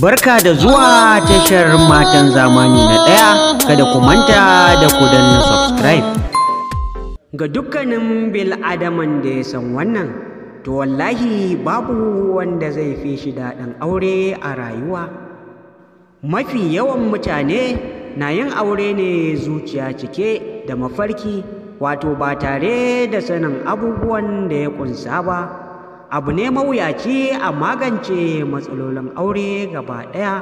Barka da zuwa tashar matan zamani na ɗaya kada ku manta da ku danna subscribe. Ga dukkanin bil'adaman da ya san wannan, to wallahi babu wanda zai fi shi daɗin aure a rayuwa. Mafi yawan mutane na yin aure ne zuciya cike da mafarki wato ba tare da sanin abubuwan da ya ƙunsa ba. abu ne mawuyaci a magance matsalolin aure gaba ɗaya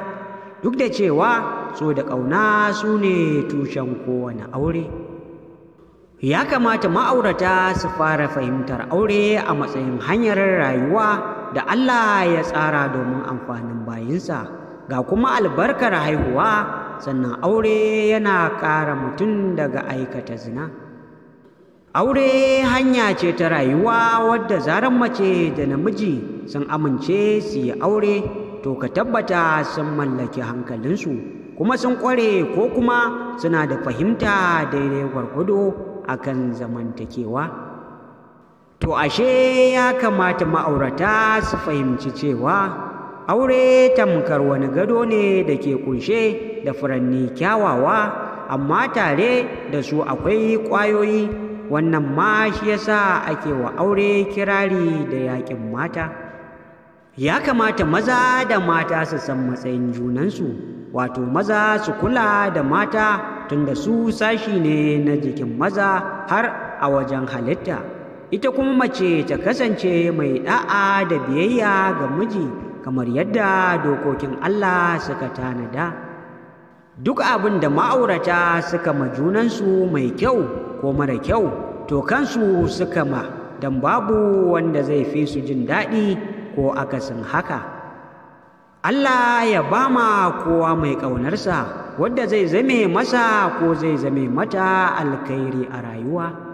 duk da cewa so da ƙauna su ne tushen kowane aure ya kamata ma'aurata su fara fahimtar aure a matsayin hanyar rayuwa da allah ya tsara domin amfanin bayinsa ga kuma albarkar haihuwa sannan aure yana ƙara mutum daga aikata zina. aure hanya ce ta rayuwa wadda zaran mace da namiji sun amince su yi aure to ka tabbata sun mallaki hankalinsu kuma sun ƙware ko kuma suna da fahimta daidai gwargwado a kan zamantakewa to ashe ya kamata ma'aurata su fahimci cewa aure tamkar wani gado ne da ke kunshe da furanni kyawawa amma tare da su akwai ƙwayoyi wannan ma shi yasa ake wa aure kirari da yaƙin mata ya kamata maza da mata su san matsayin junansu wato maza su kula da mata tunda su sashi ne na jikin maza har a wajen halitta ita kuma mace ta kasance mai da'a da biyayya ga miji kamar yadda dokokin Allah suka tanada duk abin da ma'aurata suka ma junansu mai kyau ko mara kyau to kansu suka ma don babu wanda zai fi su jin daɗi ko akasin haka Allah ya ba ma kowa mai ƙaunarsa wanda zai zame masa ko zai zame mata alkhairi a rayuwa.